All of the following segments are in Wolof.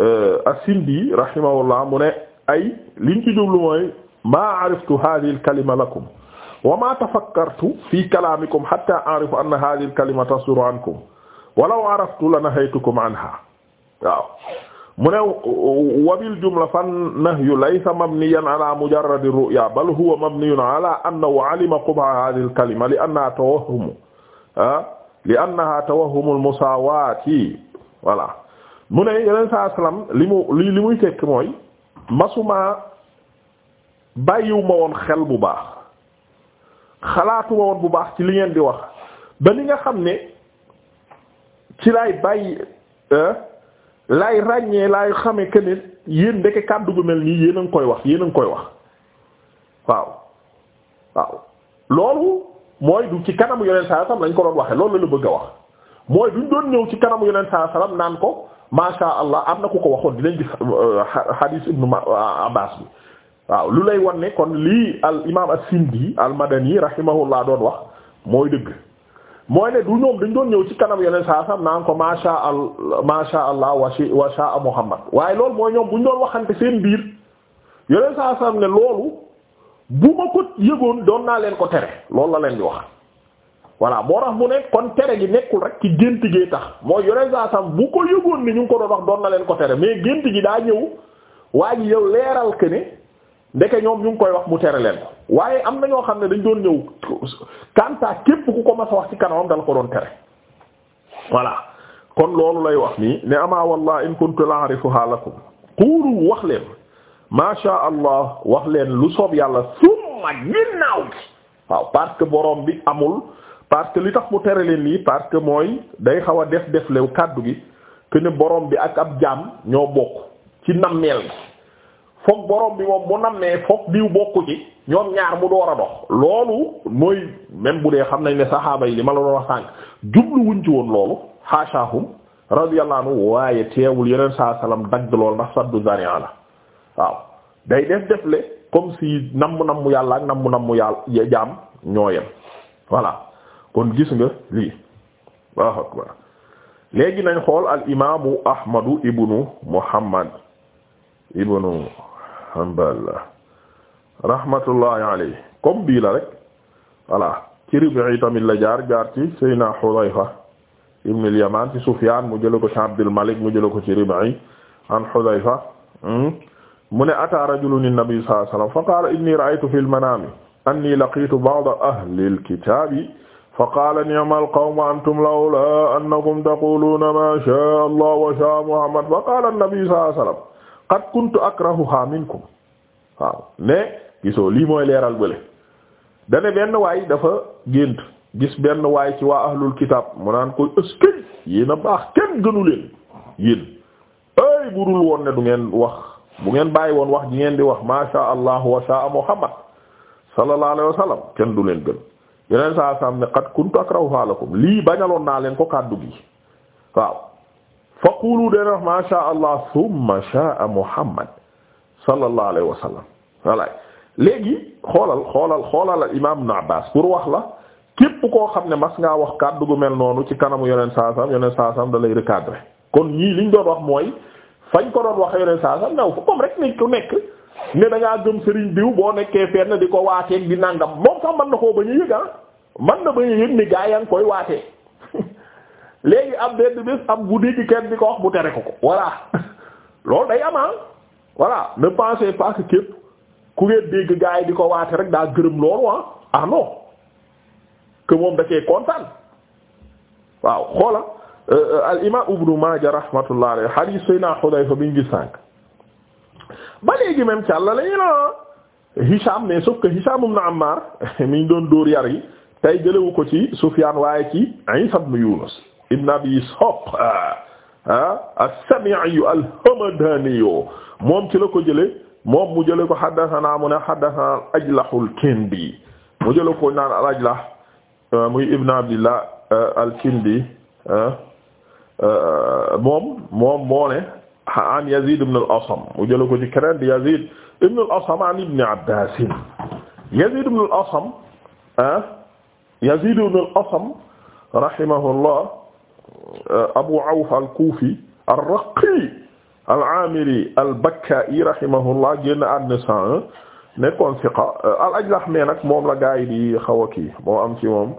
Euh, as-Sindi rahimahullah mu ne ay liñ ci jublu mooy maa ariftu hadhihi al-kalima lakum wa ma tafakkartu fi kalamikum hatta a'rifu anna hadhihi al-kalima tasduru ankum wa law araftu lanahaytukum anha waaw mu ne wabil jumla fan nahyu laysa mabniyan ala mujarradi ru'ya bal huwa mabniyun ala annahu alima qubha hadhihi al-kalima li annaha tawahhum ah, li annaha tawahhum al-musawati voilà mu ne yeneen saa salaam li mu li li muy tekk mooy masumaa bàyyiwu woon xel bu baax xalaatu ma woon bu baax ci li ngeen di wax ba li nga xam ne ci lay bàyyi euh, laay ràññee laay xame que ne yéen ndeke kàddu gu mel nii yéen a ngi koy wax yéen a ngi koy wax waaw waaw loolu mooy du ci kanamu yeneen saa salaam lañ ko doon waxee loolu la bëgg a wax mooy duñ doon ñëw ci kanamu yeneen saa salaam naan ko. masha allah am na ku ko waxoon dinañ gis euh, hadith ibnu euh, abbas bi waaw lu lay wan ne kon lii al imaam as-Sindi al madani laa doon wax mooy dëgg mooy ne du ñoom dañ doon ñëw ci kanam yeneen saa sam naa ko masha allah masha allah wa sha muhammad waaye loolu mooy ñoom bu ñu doon waxante seen biir yeneen saa sam ne loolu bu ma ko yëgoon doon naa leen ko tere loolu la leen di wax voilà moo tax mu ne kon tere gi nekkul rek ci gént gee tax mooy yoneen saa sam bu ko yëgoon ni ñu ngi ko doon wax doon na leen ko tere mais gént gi daa ñëw waa ji yow leeral que ne ndeke ñoom ñu ngi koy wax mu tere leen waaye am na ñoo xam ne dañ doon ñëw kanta képp ku ko mas wax ci kanamam dala ko doon tere voilà kon loolu lay wax nii ne amaa wallah in kuntu la'rifuha lakum quulu wax leen ma sha allah wax leen lu soob yàlla summa ginnaaw gi waaw parce que borom bi amul parce que li tax mu tere leen lii parce que mooy day xaw a def deflew kàddu gi que borom bi ak ab jaam ñoo bokk ci nammeel gi foog borom bi moom mu nammee foog diw bokku ci ñoom ñaar mu door a dox loolu mooy même bu dee xam nañ ne saxaaba yi li ma la doon wax sànq jubluwuñ ci woon loolu xaashaahum radiyallahu anhu waaye teewul yeneen saa salaam dagg lool ndax saddu zari'a la waaw day def defle comme si namm namm yàlla ak namm namm yàlla jaam ñoo yem kon gis nga lii waaw akbar léegi nañ xool al imaamu ahmadu ibnu muhammad ibnu hanbal rahmatullahi alayhi comme bii la rek voilà ci ribi tamit la jaar jaar ci sayna hudayfa ibnu al yaman ci sufyan mu jële ko ci abdul malik mu jële ko ci ribi an hudayfa hmm? mu ne ata rajulun an-nabi sallallahu alayhi wa sallam fa qala inni ra'aytu fil manami anni laqitu ba'd ahli al kitabi fa qaala ni'ma al-qawmu antum lawlaa annakum taquluuna maa shaa'a allah wa shaa'a muhammad fa qaala an-nabi sallallahu alayhi wa sallam qad kuntu akrahuhaa minkum waaw mais gisoo lii mooy leeral bële dane benn waay dafa gént gis benn waay ci waa ahlul kitaab mu naan koy ëskëy yéen a baax kenn gënu leen yéen ay bu dul woon ne du ngeen wax bu ngeen bàyyi woon wax ji ngeen di wax maa sha allah wa sha muhammad sallallahu alayhi wa sallam kenn du leen gën yeneen saa saam ne qad kuntu akrahuha lakum lii bañaloon naa leen ko kàddu gi waaw fa qulu deen wax ma sha allah thumma shaa muhammad sallallahu alayhi léegi xoolal xoolal xoolal al imam ibn abbas pour wax la képp koo xam ne mas ngaa wax kàddu gu mel noonu ci kanamu yoneen saa saam yeneen saa saam da lay recadrer kon ñii liñ doon wax mooy fañ ko doon wax yeneen saa saam new fa comme rek ni ku nekk ne da ngaa gëm sëriñ diw boo nekkee fenn di ko waateeg di nangam moom sax mën na koo ba ñu yëg ah mën na bañ a yëg ni gaa yaa ngi koy waatee léegi ab benn bés ab guddi gi kenn di ko wax bu tere ko ko voilà loolu day am ah voilà ne pensez pas que ku ngeen dégg gaa yi di ko waate rek daa gërëm loolu ah ah non que moom da kontaan waaw xoola euh, euh, al imam ibnu Maaja rahmatullah alayhi hadith sayna bi ñu gis sànq. ba léegi même càlla la ñu na Hisham que Hisham ibn Ammar mi doon dóor yar yi tey jëlewu ko ci Sufyan waaye ci ay ibn Yunus ibn Abi Ishaq ah, ah as-Sami'i al-Hamadani moom ci la ko jële moom mu jële ko haddathana mu ne haddathana al-Ajlah al-Kindi mu jële ko naan al-Ajlah ah, muy ibn Abdillah ah, al-Kindi moom moom moo ne an Yazid ibn al-Asam mu jëla ko ci keneen di Yazid ibn al-Asam an ibn Abbas Yazid ibn al-Asam ah Yazid ibn al-Asam rahimahullah ah, Abu Awf al-Kufi ar-Raqi al-Amiri al-Bakka'i rahimahullah génn àddina 101 nekkoon siqa al-Ajlah mais nag moom la gaa yi di xaw a kii moo am ci moom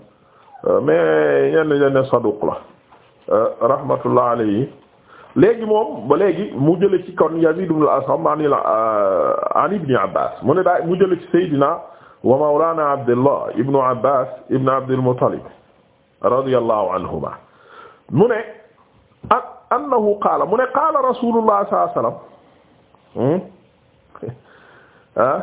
ah, mais ñenn ñenn saduq la ah, rahmatullah alayhi léegi moom ba léegi mu jële ci kon Yazid ibn al-Asam an euh, ibni Abbas mu ne daa mu jële ci Seydina wa mawlana Abdullah ibnu Abbas ibn Abdul Muttalib radiyallahu anhuma mu ne ak annahu qaala mu ne qaala rasulullah sallallahu alayhi wasallam hmm? ah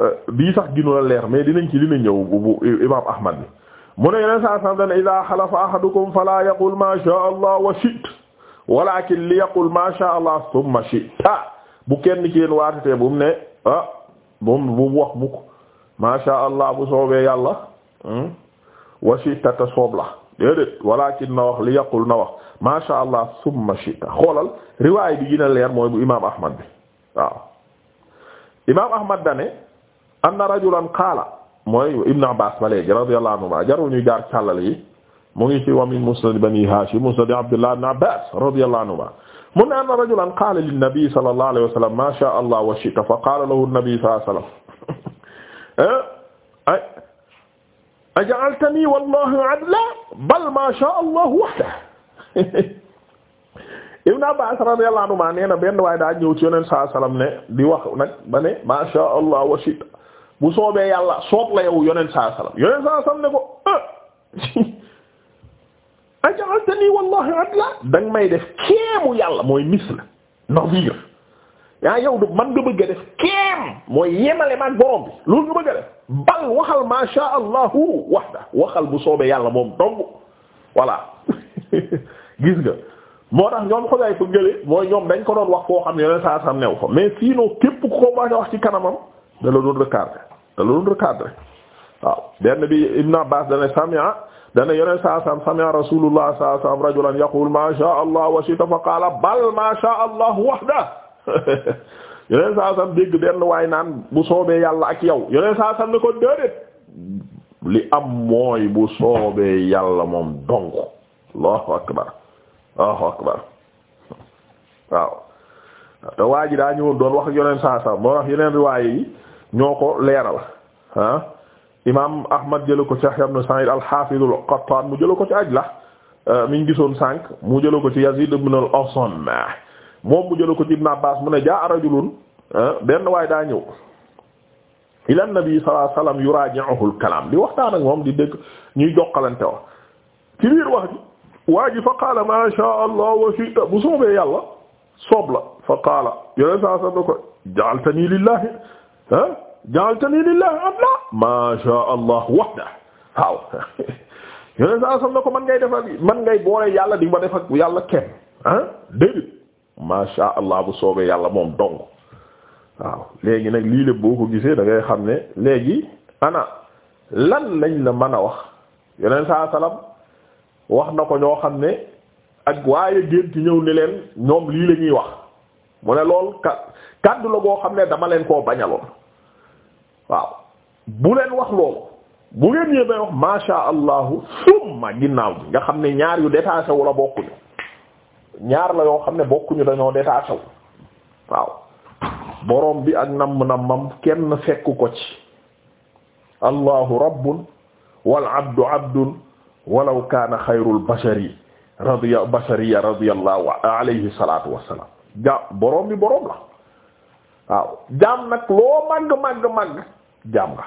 euh, bii sax ginu la leer mais dinañ ci dina ñëw bu imam Ahmad bi mu ne yeneen saa sallam dana idaa xalafa ahadukum fala yaqul ma sha Allah wa shi'ta walakin li yaqul ma sha allah thumma shi'ta bu kenn ci yéen waatatee bu mu ne ah bu mu wax mukk ma sha allah bu soobee yàlla hmm, wa shi'ta ta soob la déedéet walakin na wax li yaqul na wax ma sha allah thumma shi'ta xoolal riwaay bi gën leer mooy bu imaam ahmad bi waaw imaam ahmad dane anna rajulan qaala mooy ibn abbas ba léegi radiyallahu anhu ma jaru ñu jaar càllal yi mu ngi ci wa min musnad bani hashim musnad abdullah ibn abbas radiyallahu anhuma mu ne anna rajulan qaala linnabi sallallahu alayhi wa sallam ma sha allah wa shi'ta fa qaala lahu an-nabi sallallahu alayhi wa sallam eh, aj'altani wallahi adla bal ma sha allah wahdahu ibn abbas radiyallahu anhuma nee na benn waaye daa ñëw ci yoneen sallallahu alayhi wa sallam ne di wax nag ba ne ma sha allah wa shi'ta bu soobee yàlla soob la yow yoneen sallallahu alayhi wa sallam yoneen sallallahu alayhi wa sallam ne ko eh, ajaltani wallahi adla da nga may def kéemu yàlla mooy misl nazir yaa yow du man nga bëgg def kéem mooy yemale maag borom bi loolu nga bëgg a def bal waxal ma sha allahu waxda waxal bu soobee yàlla moom dong voilà gis nga moo tax ñoom xojaay fa gële mooy ñoom dañ ko doon wax foo xam ne yoneen saa sam new fa mais sinon képp ko bañ a wax ci kanamam da la doon recadrer da la doon recadrer waaw benn bi Ibn Abbas dana samia dana yoneen saa saam sami'a rasulullah saa rajulan yaqul ma sha allah wa shita qaala bal ma sha allah wahda yoneen saa saam dégg benn waay naan bu soobee yàlla ak yow yoneen saa saam ne ko déedéet li am mooy bu soobee yàlla moom dong allahu akbar waaw te ji daa ñëwoon doon wax ak yoneen saa saam moo wax yeneen riwaay yi ñoo ko leeral ah imaam Ahmad jëlee ko ci Yahya ibn Sa'id al-Hafiz al-Qattan mu jëlee ko ci Ajlah euh, mi ngi gisoon sànq mu jëlee ko ci Yazid ibn al-Asam moom mu jëlee ko ci Ibn Abbas mu ne jaa'a rajulun euh, benn waay daa ñëw ila nabi sallallahu alayhi wasallam yuraaji'uhu al-kalaam di waxtaan ak moom di dégg ñuy jokkalante wax ci biir wax ji waa ji fa qaala ma sha Allah wa shi'ta bu soobee yàlla soob la fa qaala yàlla saa soobee ko ja'altanii lillaahi ah. ja'altani lillahi abda ma sha Allah wahda waaw yoneen sa sam na ko man ngay defal man ngay boole yàlla di ma def ak yàlla kenn ah déedéet sha Allah bu soobee yàlla moom dong waaw léegi nag lii lépp boo ko gisee da ngay xam ne léegi ana lan lañ la man a wax yoneen saa salam wax na ko ñoo xam ne ak waaye gént ñëw ne leen ñoom lii la ñuy wax mu ne lool ka kàddu la goo xam ne dama leen koo bañaloon waaw bu leen wax loolu bu ngeen ñëwee bay wax masha allahu summa ginnaaw bi nga xam ne ñaar yu détaché wu la bokkuñu ñaar la yoo xam ne bokkuñu dañoo détaché wu waaw borom bi ak namm nammam kenn fekk ko ci allahu rabbun wal abdu abdun walaw kaana xayrul bashari radiya bashariya radiyallahu alayhi salaatu wassalaam ja borom bi borom la waaw jaam nag loo màgg màgg màgg jaam nga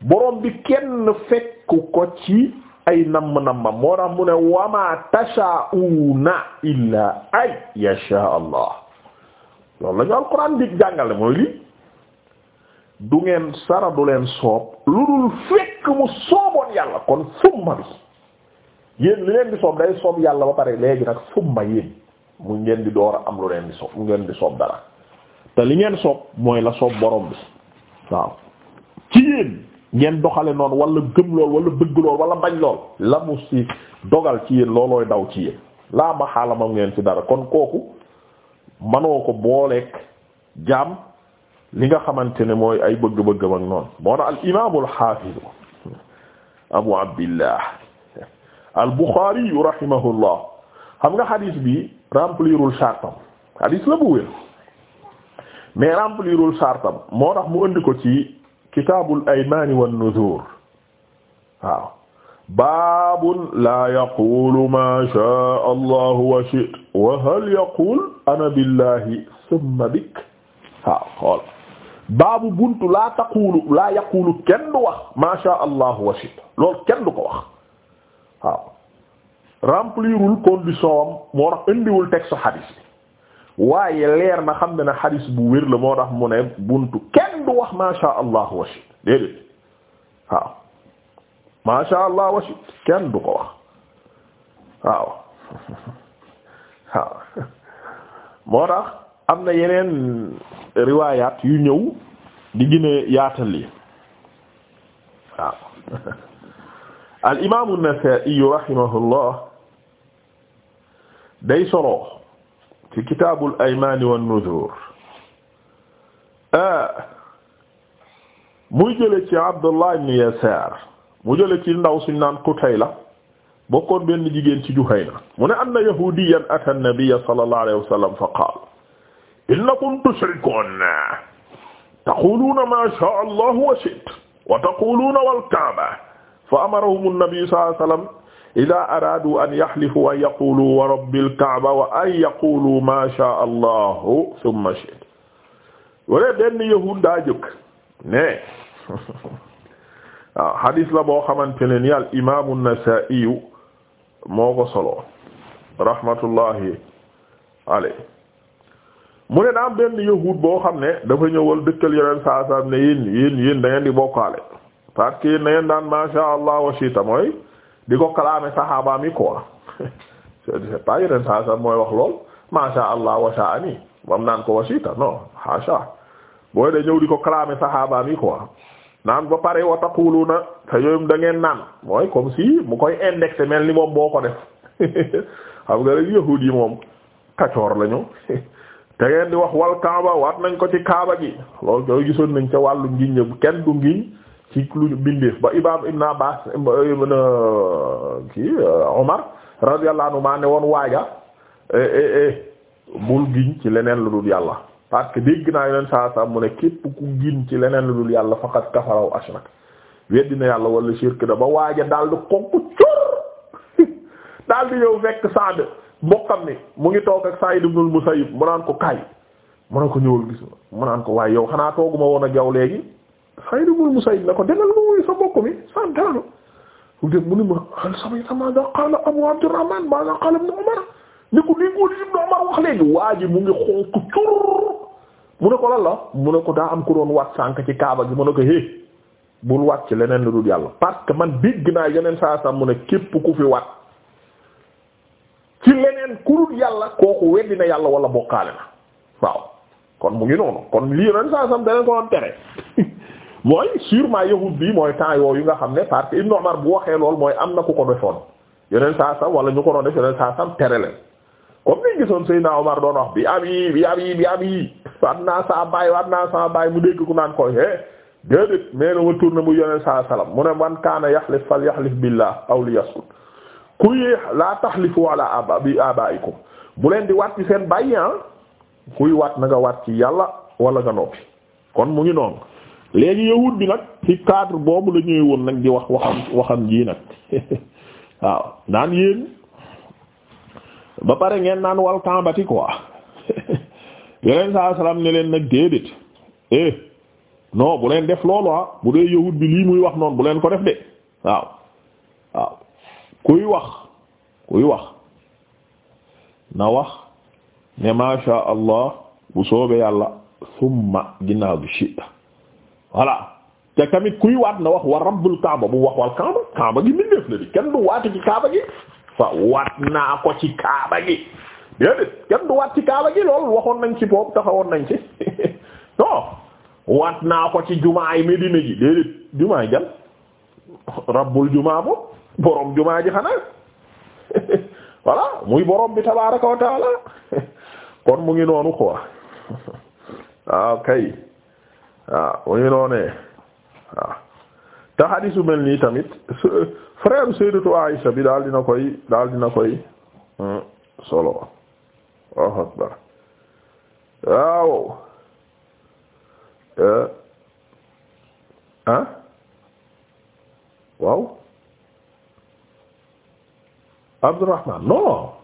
borom bi kenn fekku ko ci ay namm nammam moo tax mu ne wama tashauna illa ay yasha allah loolu la ñu alquran di jàngale mooy lii du ngeen sara du leen soob lu dul fekk mu sooboon yàlla kon summa bi yéen li leen di soob day soob yàlla ba pare léegi nag summa yéen mu ngeen di door a am lu leen di soob mu ngeen di soob dara te li ngeen soob mooy la soob boroom bi waaw ci yéen ngeen doxale noon wala gëm lool wala bëgg lool wala bañ lool la mu si dogal ci yéen loolooy daw ci yéen laa ma xaala moom ngeen ci dara kon kooku manoo ko booleeg jaam li nga xamante ne mooy ay bëgg-bëggam ak noonu moo tax al imaamul xaafizu abu abdillah al buxaari rahimahullah xam nga xadiis bi remplirul chartam xadiis la bu wér mais remplirul sartam moo tax mu indi ko ci kitaabul aymaani wan nuzur waaw baabun laa yaqulu ma shaa allahu wa shit wa hal yaqul ana billahi summa bik waaw xool baabu buntu laa taqulu laa yaqulu kenn du wax ma shaa allahu wa shit loolu kenn du ko wax waaw remplirul condition am moo tax indiwul texte hadith bi waaye leer na xam ne ne xadis bu wér la moo tax mu ne buntu kenn du wax masha allah washi déedéet waaw masha allah washi kenn du ko wax waaw waaw moo tax am na yeneen riwaayaat yu ñëw di gën a yaatal lii waaw al imaamu an-Nasaa'i rahimahullah day solo ci kitaabul aymaani wan nuzuur ah, muy jële ci Abdullah ibn Yasaar mu jële ci ndaw suñ naan Qutayla bokkoon benn jigéen ci Juhayna mu ne anna yahudiyan ata an-nabiyya sallallahu alayhi wa sallam fa qaala innakum tushrikuun taquluuna maa shaa'a Allahu wa shi'tum wa taquluuna wal Kaaba fa amarahum an-nabiyyu sallallahu alayhi wa sallam ida aradu an yaxlifu wa yaqulu wa rabbil kaaba wa ma sha allahu summa shit wala benn yahud daa jóg mais la boo xamante ne ni al moo ko solo rahmatullahi aley mu ne daam benn yahud booxam xam ne dafa ñëwal dëkkal yeneen saa saa ne yéen yéen yéen da ngeen di bokkaale parce que yéen daan ma sha allah wa shita mooy di ko kalaame saxaabaam yi quoi c'est pas yeneen saa mooy wax lool masha allah wa sha'ani bam naan ko wasita non hasha booy da ñëw di ko kalaame saxaabaam yi quoi naan ba pare wa taquluna te yooyum da naan mooy comme si mu koy indexé mel ni moom boo ko def xam nga rek yahuud yi moom kacoor lañu te ngeen di wax wal kaaba waat nañ ko ci kaaba gi loolu koy gisoon nañ ca wàllu ngiñ bu kenn du ngiñ ci lu bindeef ba imaam ibn Abbas ibn euh, kii euh, Omar radiyallahu anhu maa ne woon waaja eh, eh, eh, bul giñ ci leneen lu dul yàlla parce que dégg naa yeneen saa saa mu ne képp ku giñ ci leneen lu dul yàlla faqat kafaraw ashrak weddi na yàlla wala shirk ba waaja daal di konk cor daal di ñëw fekk Saad mbokkam ni mu ngi toog ak Saïd ibn al mu naan ko kaay mu naan ko ñëwal gis mu naan ko waay yow xanaa tooguma woon ak jaw léegi Saïd ibn Musayyib la ko demal mu wuyu sa mbokk mi sant daanu mu mu ne ma al sami'ta ma qaala Abu Abdurrahman ma qaala Ibn Umar ne ko lii góor Ibn Umar mu ne ko lan la mu ne ko daa am ku doon waat sànk ci kaaba gi mu ne ko hé bul waat ci leneen lu dul yàlla parce que man dégg naa yeneen saa saa mu ne képp ku fi waat ci leneen ku dul yàlla kooku weddi yàlla wala bokkaale na waaw kon mu ngi noonu kon lii yeneen saa saa mu daneen ko tere mooy sûrement yahud bi mooy temps yooyu nga xam ne parce que Ibn bu waxee lool mooy am na ku ko defoon yeneen saa sam wala ñu ko doon def yeneen saa sam tere leen comme niñ gisoon Seydina Omar doon wax bi am yi bi am yi bi am yi baay waat naa saa baay mu dégg ku naan koy é déedéet mais na ma tourné mu yoneen saa salam mu ne man kaana yaxlif fal yaxlif billah aw li yasut laa taxlifu ala aba bi abaikum bu leen di waat ci seen bàyyi ah kuy waat na nga waat ci yàlla wala nga noppi mu ngi noonu léegi yawut bi nag ci cadre boobu la ñuy woon nag di wax waxam waxam jii nag waaw naan yéen ba pare ngeen naan wal kambati ko yeneen saa ne leen nag déedéet eh bu leen def loolu ah bu dee yawut bi lii muy wax noonu bu leen ko def de waaw waaw kuy wax kuy wax na wax ne ma sha Allah bu soobee yàlla summa ginnaaw bi shita voilà te tamit kuy waat na wax wa rabbul kaaba bu wax wal kaaba kaaba gi mbindeef la di kenn du waati ci kaaba gi fa waat naa ko ci kaaba gi déedéet kenn du waat ci kaaba gi loolu waxoon nañ ci boobu taxawoon nañ ci non waat naa ko ci jumaay Medina ji déedéet jumaay jan rabbul jumaa boobu borom jumaa ji xanaa voilà muy borom bi tabaaraka wa taala kon mu ngi noonu quoi waaw kay waaw mu ngi noonee waaw te xadiisu mel nii tamit frère sayyidatu Aisha bi daal dina koy daal dina koy hmm, solo Allahu akbar waaw ah waaw Abdurrahman non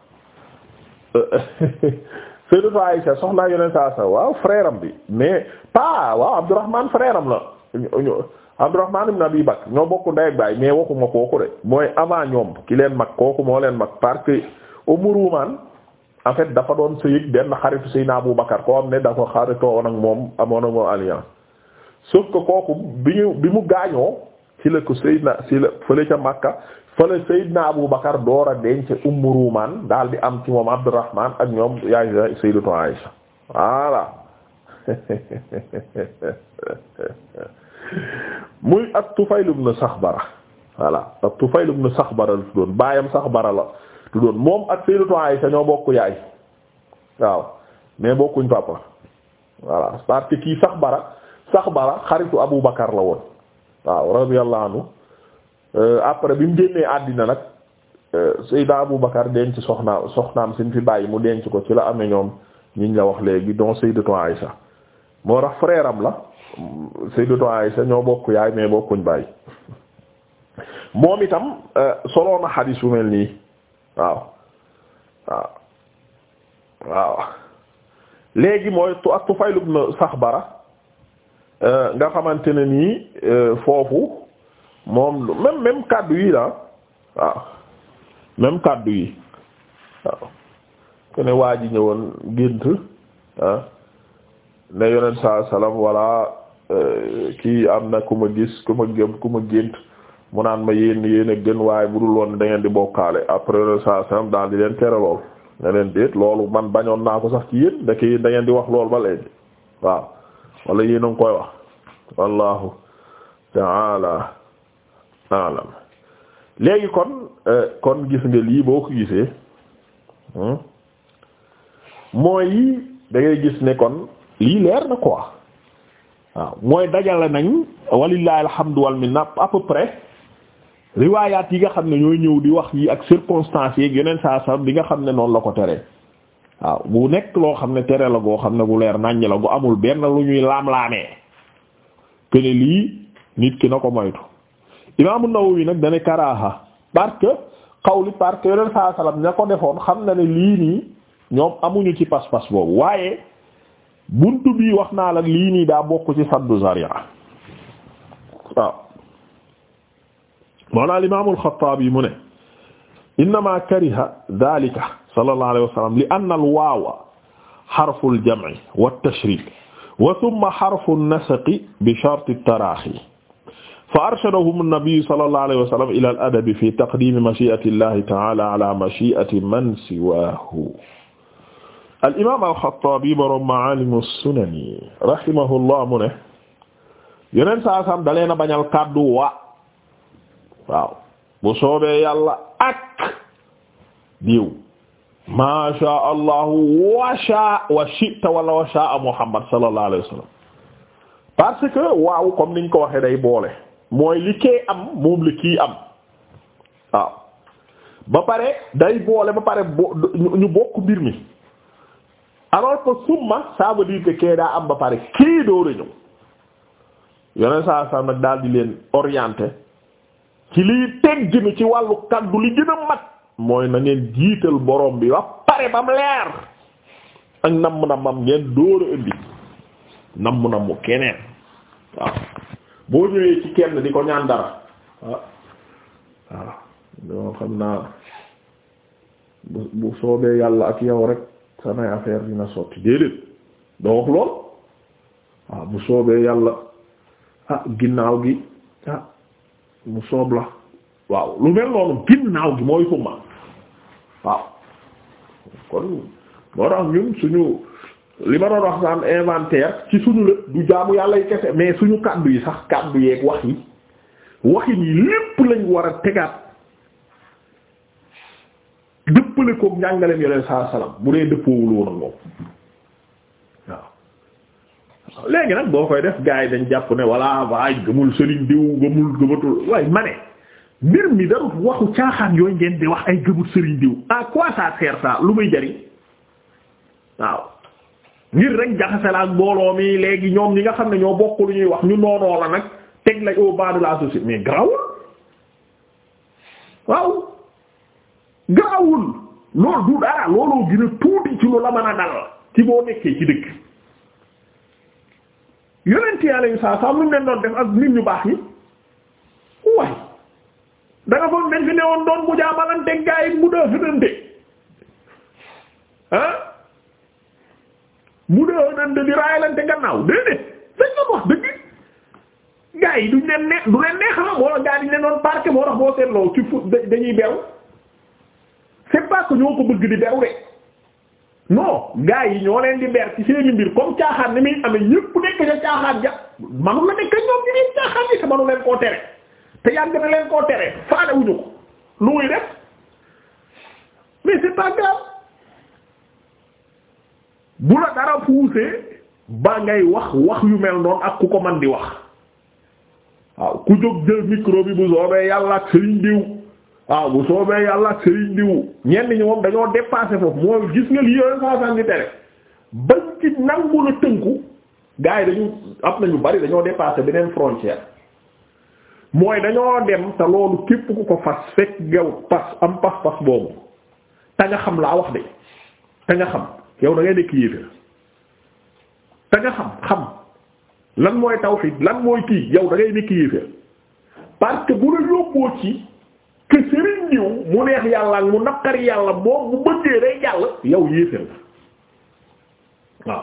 Sayyidatu Aïcha soxnaa yoneen saa sa waaw frère bi mais pas waaw Abdourahman frère am la Abdourahman ibn Abi Bakr ñoo bokk ndey baay mais waxuma kooku de mooy avant ñoom ki leen mag kooku moo leen mag parce que Ummu Ruumaan en fait dafa doon sëy benn xaritu Seydina Abu Bakar koo am ne dafa xaritoo woon ak moom amoon ak moom alliance sauf que kooku bi ñu bi mu gaañoo ci la ko Seydina si la fële ca Makka fële Seydina Abu Bakar door a denc Ummu Ruumaan daal di am ci moom Abdurrahman ak ñoom yaay Sayyidatu Aïsha voilà muy at-Tufayl ibn Saxbara voilà at-Tufayl ibn Saxbara la tuddoon baayam Saxbara la tuddoon moom ak Sayyidatu Aïsha ñoo bokk yaay waaw mais bokkuñ papa voilà parce que kii Saxbara Saxbara xaritu Abu Bakar la woon waaw radiyallahu anhu euh, après bi mu génnee àddina nag euh, Seydina Abu Bakar denc soxna soxnaam si mu fi bàyyi mu denc ko ci la amee ñoom ñu la wax léegi donc Sayyidatu Aïsha moo tax frère am la Sayyidatu Aïsha ñoo bokk yaay mais bokkuñ bàyyi moom itam euh, solo na xadiis bu mel nii waaw waaw waaw léegi mooy tu ak Tufayl ibn Saxbara Euh, nga xamante ne nii euh, foofu moom même même kàddu yi la waaw même kàddu yi waaw ku ne waa ji ñëwoon gént ah ne yonent saa salaam walla euh, kii am na ku ma gis ku ma gëm ku ma gént mu naan ma yéen yéen a gën waaye bu dul woon da ngeen di bokkaale après yonent saa salaam daal di leen tere lool ne leen déet loolu man bañoon naa ko sax ci yéen ndeke yéen di wax lool ba léegi waaw wala yéen a koy wax wallahu taala alam léegi kon eh, kon gis nga lii boo ko gisee hmm, mooy da ngay gis ne kon lii leer na quoi waaw mooy dajale nañ walillahi alhamdu wal minna à peu près riwaayaat yi nga xam ne ñooy ñëw di wax yi ak circonstances yeeg yeneen saa saa bi nga xam ne noonu la ko tere waaw bu nekk loo xam ne tere la goo xam ne bu leer nàññ la gu amul benn lu ñuy laam-laamee kene lii nit ki na ko moytu imaamu wii nag dane karaaha parce que xawli parce que yoneen saa ña ko defoon xam na ne lii nii ñoom amuñu ci pas-pas boobu waaye bunt bii wax naa la lii nii daa bokk ci saddu zaria waaw moona al imaamul Xattaabi mu ne innama kariha dhalika sallallahu alayhi wa sallam li anna al-waawa harfu al-jam'i wa at-tashrik wa thumma harfu an-nasqi bi shart at-tarahi fa arshadahum an-nabi sallallahu alayhi wa sallam ila al-adabi fi taqdimi mashi'ati llahi ta'ala ala mashi'ati man siwahu al-imam al-Khattabi borom Ma'alim as-Sunan rahimahullah mu ne yeneen saa sam da leen a bañal kàddu wa waaw bu soobee yàlla ak diw ma sha Allah wa wa shi'ta wala wa Muhammad sallallahu alayhi wa parce que waaw comme niñ ko waxee day boole mooy li kee am moom li kii am waaw ba pare day boole ba pare bo ñu bokk mbir mi alors que summa ça veut dire kee daa am ba pare kii dóora ñëw yeneen saa saa nag daal di leen orienter ci liy tegginu ci wàllu kaddu li gën a mat mooy na ngeen jiital borom bi ba pare bam leer ak namm na mam ngeen dóor a indi namm na mu keneen waaw boo ñëwee ci kenn di ko ñaan dara ah waaw doo xam naa bu bu soobee yàlla ak yow rek samay affaire dina sotti déedéet doo wax lool waaw bu soobee yàlla ah ginnaaw gi ah mu soob la waaw lu mel noonu ginnaaw gi mooy summa waaw kon moo tax ñun suñu li ma doon wax naan inventaire ci suñu lépp du jaamu yàlla yi kese mais suñu kàddu yi sax kàddu yeeg wax yi waxin yi lépp lañ war a tegaat dëppale koog njàngaleem yoneen saa salaam bu dee dëppoowul woon ak moom léegi nag boo koy def gars yi dañ jàpp ne voilà waay gëmul sëriñ diw gëmul gëmatul waaye ma ne mbir mi darut waxu caaxaan yooyu ngeen di wax ay gëmul sëriñ diw à quoi ça sert ça lu muy jariñ waaw ngir rek jaxasela ak mbooloo mi léegi ñoom ñi nga xam ne ñoo bokk lu ñuy wax ñu noonoo nag teg la au bas de la société mais grawul waaw grawul loolu du dara looloo gën a tuuti ci lu la mën a dal ci boo nekkee ci dëkk yonent yàlla yu saa saa mu leen doon def ak nit ñu baax yi waaye da nga foog fi ne woon doon bu jaamalante gaa yi mu dee hënante ah mu dee hënante di raayalante gannaaw déedéet dañ ko wax dëgg gaa yi duñ leen neex du leen neex xam moo tax gaa yi ñu leen doon parqué moo tax boo seetloo ci fu dañuy beew c'est pas que ñoo ko bëgg di beew rek non gars yi ñoo leen di ber ci seeni mbir comme caaxaan ni muy amee ñépp nekk ca caaxaan ja manu nekk ñoom ñu ngi caaxaan yi te manu koo tere te yàgg na leen koo tere faale wuñu ko lu muy def mais c'est pas bu la dara fuusee ba ngay wax wax yu mel noonu ak ku ko man di wax waaw ku jóg jël micro bu soobee yàlla ak sëriñ diw waaw bu soobee yàlla ak sëriñ diwu ñenn ñi moom dañoo dépassé foofu mooy gis nga lii yooyu saasan di tere bañ ci nangu la tënku gars yi dañu am na ñu bari dañoo dépassé beneen frontière mooy dañoo dem te loolu képp ku ko fas fekk gaw pas am pas-pas boobu te nga xam laa wax de te nga xam yow da ngay nekk yéeféer te nga xam xam lan mooy tawhid lan mooy kii yow da ngay nekk yéeféer parce que bu la yóbboo ci que sëriñ ñëw mu neex yàlla ak mu naqari yàlla moom bu bëggee day jàll yow yéefeel la waaw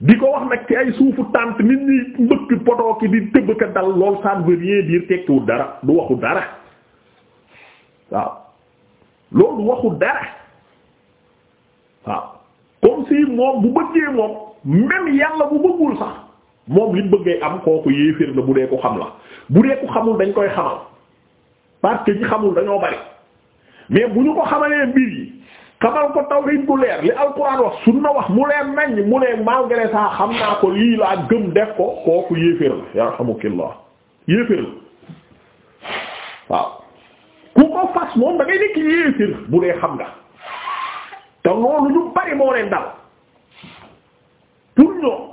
di ko wax nag ci ay suufu tànt nit ñi mbëkk poto di tëbb ka dal lool ça ne veut rien dara du waxu dara waaw loolu waxu dara waaw comme si moom bu bëggee moom même yàlla bu bëggul sax moom li bëggee am kooku yéeféer la bu dee ko xam la bu dee ko xamul dañ koy xamal parce que ñi xamul dañoo bari mais bu ñu ko xamalee mbir yi xamal ko tawhid bu leer li alquran wax sunna wax mu leer nañ mu ne malgré ça xam naa ko lii laa gëm def ko kooku yéeféer la yarhamukallah yéeféer la waaw ku ko fas moom da ngay nekk yéeféer bu dee xam nga te loolu ñu bari moo leen dal pour ñoo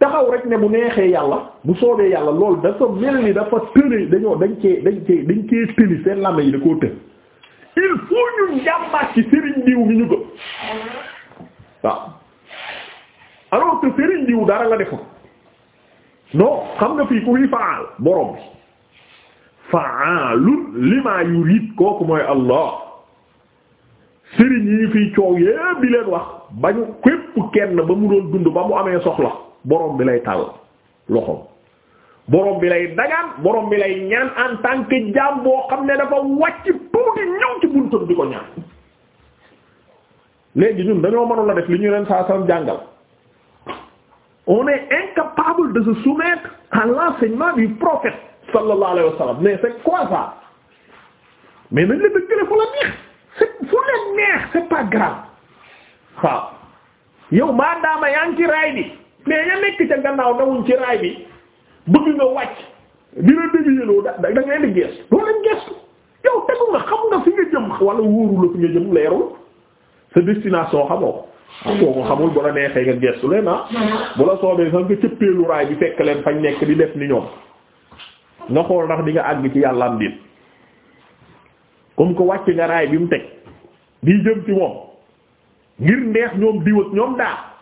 taxaw rek ne bu neexee yàlla bu soobee yàlla loolu dafa mel ni dafa tële dañoo dañ cee dañ cee dañ cee tëli seen lame yi da koo tël il faut ñu jàmbaat ci sëriñ diw mi ñu gëm waaw alors que sëriñ diw dara la defoon non xam nga fii ku fi faal borom bi faalul lima yurid kooku mooy Allah sëriñ yi fiy coow yépp leen wax bañu képp kenn ba mu doon dund ba mu amee soxla boroom bi lay tàll loxoom borom bi lay dagaan boroom bi lay ñaan en tant que jaam boo xam ne dafa wàcc tuuti ñëw ci buntu di ko ñaan léegi ñun dañoo mënul a def li ñu leen saa sam jàngal on est incapable de se soumettre à l'enseignement du prophète sallallahu alayhi wa mais c'est quoi mais nañ la dëggale fu la neex c'est fu neex c'est pas grave waaw yow maa daama yaa ngi ci raay bi mais ña nekk ca gannaaw nawuñ ci raay bi bëgg nga wàcc dina dégg da da ngay di gees doo leen geestu yow tegu nga xam nga fi nga jëm wala wóoru la fi nga jëm xamul bu la neexee nga geestu leen ah mm-hmm. bu la soobee sax nga lu raay bi fekk leen fañ nekk di def ni ñoom nga xool ndax di nga àgg ci yàlla am dit comme que wàcc nga raay bi mu teg di jëm ci moom ngir ndeex ñoom diwët ñoom daa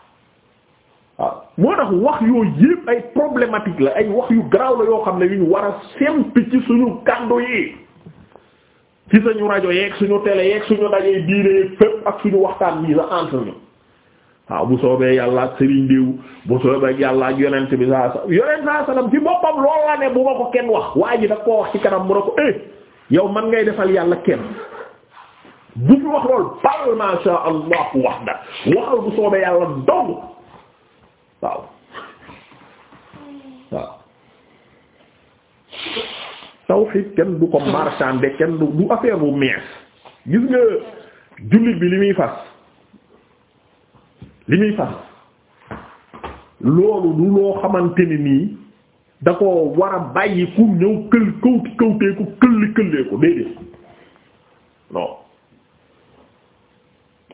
moo tax wax yooyu yépp ay problématique la ay wax yu garaaw la yoo xam ne yu ñu war a sempi ci suñu kàddu yi ci suñu rajo yeeg suñu télé yeeg suñu dajee diine yeeg ak suñu waxtaan bii la entre ñu waaw bu soobee yàlla ak Serigne Diw bu soobee yàlla ak yonent bi saa sa yonent saa salaam ci boppam loolu la ne bu ko kenn wax waa ji da koo wax ci kanam mu ne ko eh yow man ngay defal yàlla kenn bu fi wax lool bal ma sha Allah wahda waxal bu soobee yàlla waaw waaw tawhid kenn du ko marchandé kenn du du affaire bu mees gis nga jullit bi li muy fas li muy fas loolu du loo xamante ni nii da ko war a bàyyi ku ñëw kël kawti kawtee ko këlli këllee ko déedéet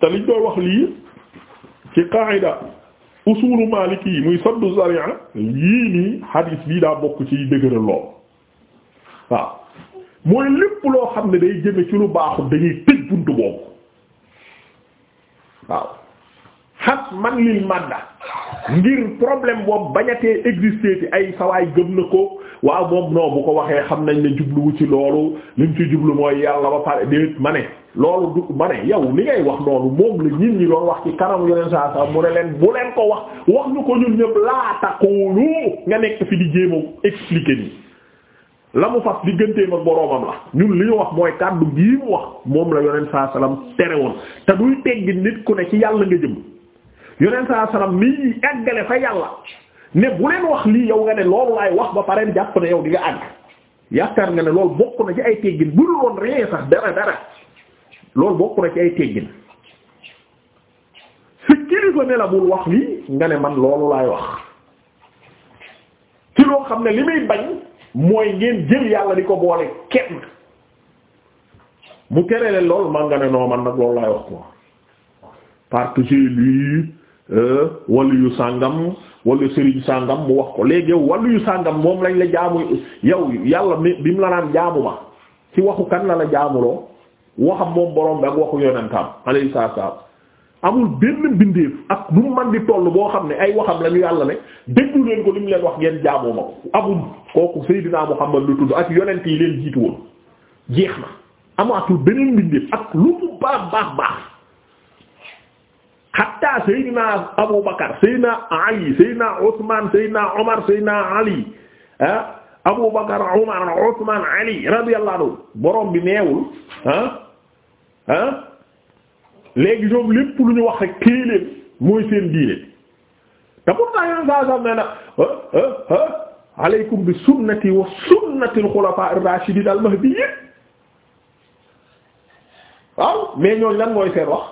te liñ koy wax lii ci qaida usulu maliki yi muy saddu zari'a yii nii hadis bii daa bokk ci dëgëral lool waaw mooy lépp loo xam ne day jën ci lu baaxul dañuy tëj buntu boobu waaw xas man lil madda ngir problème boobu bañatee exister ay sawaay gëm na ko waaw moom non bu ko waxee xam nañ ne jubluwu ci loolu lim ci jublu mooy yàlla ba pare déet ma ne loolu du ma ne yow li ngay wax noonu moom la ñin ñi doon wax ci kanam yoneen saa saa mu ne leen bu leen ko wax wax ñu ko ñun ñëpp laata koolu nga nekk fi di jéem a expliquer nii la mu fas digganteem ak boroomam la ñun li ñu wax mooy kàddu gii mu wax moom la yoneen saa salaam tere woon te duy teggi nit ku ne ci yàlla nga jëm yoneen saa salaam mii àggale fa yàlla ne bu leen wax lii yow nga ne loolu laay wax ba paree jàpp ne yow di nga àgg yaakaar nga ne loolu bokk na ci ay teggin bu dul woon sax dara dara. lool bokk na ci ay teggin si kilifa ne wax lii nga ne man loolu laay wax ci loo xam ne li muy bañ mooy ngeen jël yàlla di ko boole kenn mu tere leen loolu man nga ne noo man nag loolu laay wax quoi parce lii euh, wàllu yu sàngam wala sëriñ sàngam mu wax ko léegi wallu yu sàngam moom lañ la jaamu yow yàlla bi mu la naan jaamu ma ci waxu kan la jaamuloo waxam moom borom bi ak waxu yonentam alayhi salaam amul benn mbindeef ak nu man di toll boo xam ne ay waxam la yàlla ne déglu leen ko li leen wax ngeen jaamoo ma amul kooku Seydina Muhammad lu tudd ak yonent yi leen jiitu woon jeex na amaatul beneen mbindeef ak lu mu baax baax baax xatta Seydina Abu Bakar Seydina Ali Seydina Usman Seydina Omar Seydina Ali ah Abu Bakar Umar Usman Ali radiyallahu anhu borom bi neewul ah ah léegi ñoom lépp lu ñu wax rek téye leen mooy seen diine te pourtant yeneen saa sax nee na ah, ah, ah, alaykum bi sunnati wa sunnati al-khulafa ar-rashidin al-mahdiyyin waaw mais ñooñu lan mooy seen wax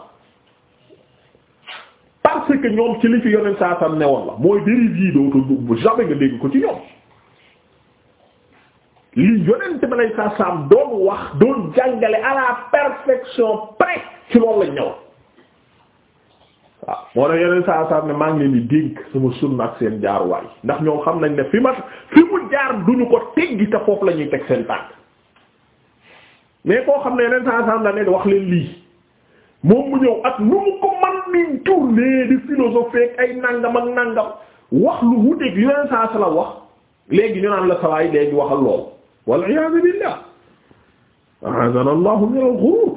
parce que ñoom ci li fi yoneen saa sax ne woon la mooy dérive yi dootul jamais nga dégg ko ci ñoom. li yonent ba lay saa saam doon wax doon jàngale à la perfection près ci loolu lañ ñëw waaw moo tax yeneen saa ne maa ngi leen di dénk sama sunna ak seen jaaruwaay ndax ñoom xam nañ ne fi ma fi mu jaar duñu ko teggi te foofu la ñuy teg seen tànk mais koo xam ne yeneen saa saam la ne wax leen lii moom mu ñëw ak nu mu ko man ni tourner di philosophie ak ay nangam ak wax lu wuteeg yeneen saa la wax léegi ñu naan la sawaay léegi waxal lool. wala iyaadu billah a'aadana allahu min al ghurur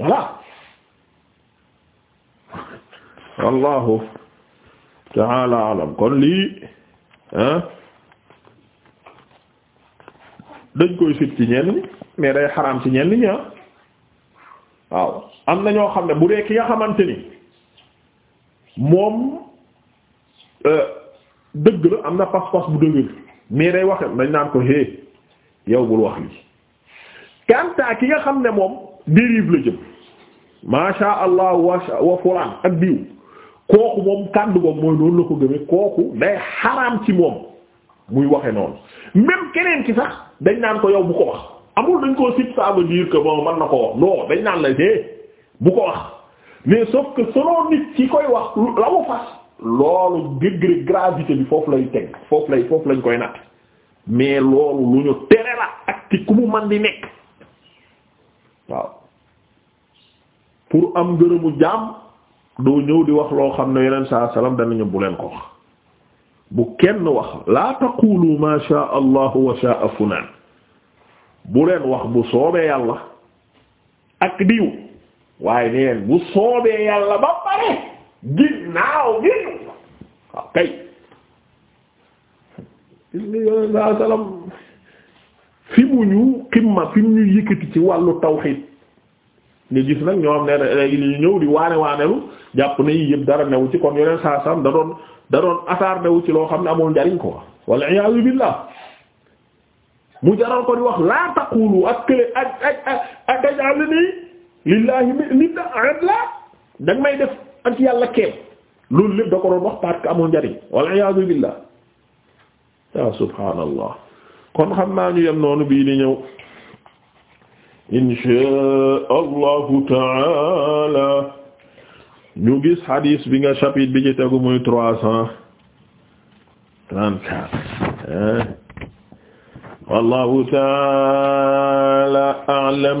voilà wallahu ta'ala alam kon lii ah dañ koy sib ci ñenn ñi mais day xaraam ci ñenn ñi ah waaw am na ñoo xam ne bu dee ki nga xamante ni moom euh, dëgg la am na pas-pas bu dëgër mais day wax dañ naan ko hé yow bul wax lii kanta ki nga xam ne moom dérive la jëm masha allah wa fulaan ak diw kooku moom kàddu boobu mooy noonu la ko gëmee kooku day xaraam ci moom muy waxe noonu même keneen ki sax dañ naan ko yow bu ko wax amul dañ koo sib ça veut dire que bon na ko wax non dañ naan la hé bu ko wax mais sauf que selon nit ki koy wax la mu fas loolu degré gravité bi foofu lay teg foofu lay foofu lañ koy natt mais loolu lu ñu tere la ak ci ku mu man di nekk waaw pour am ngërëmu jaam doo ñëw di wax loo xam ne yeneen sa salaam danañu bu leen ko wax bu kenn wax laa taqulu ma sha allahu wa sha fulaan bu leen wax bu soobee yàlla ak diw waaye neen bu soobee yàlla ba pare ginnaaw gi waaw kay gis ñu ximma fi mu ñu ci wàllu tawxiid nga gis nag ñoo xam ne léegi li ñëw di waane waanelu jàpp na yii yëpp dara newu ci kon yoneen saa salaam da da doon asaar newu ci loo xam ne amul njariñ ko walla iyaazu billaah mu jaral ko di wax laa taqulu ak kële ak ak ak ak ak ak ak ak ak ak ak ak ak ak ak ak yàlla keem loolu lépp da ko doon wax parce que amul njariñ wal iyaadu billah ya subhaanallah kon xam naa ñu yem noonu bii di ñëw inshaa allahu taala ñu gis hadis bi nga chapitre bi ci tegu muy trois cent trente-quatre wallahu taala a'lam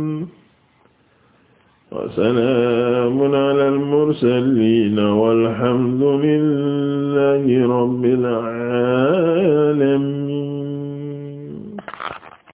wasalaamun ala almursalina walhamdulillahi rabbil aalamiin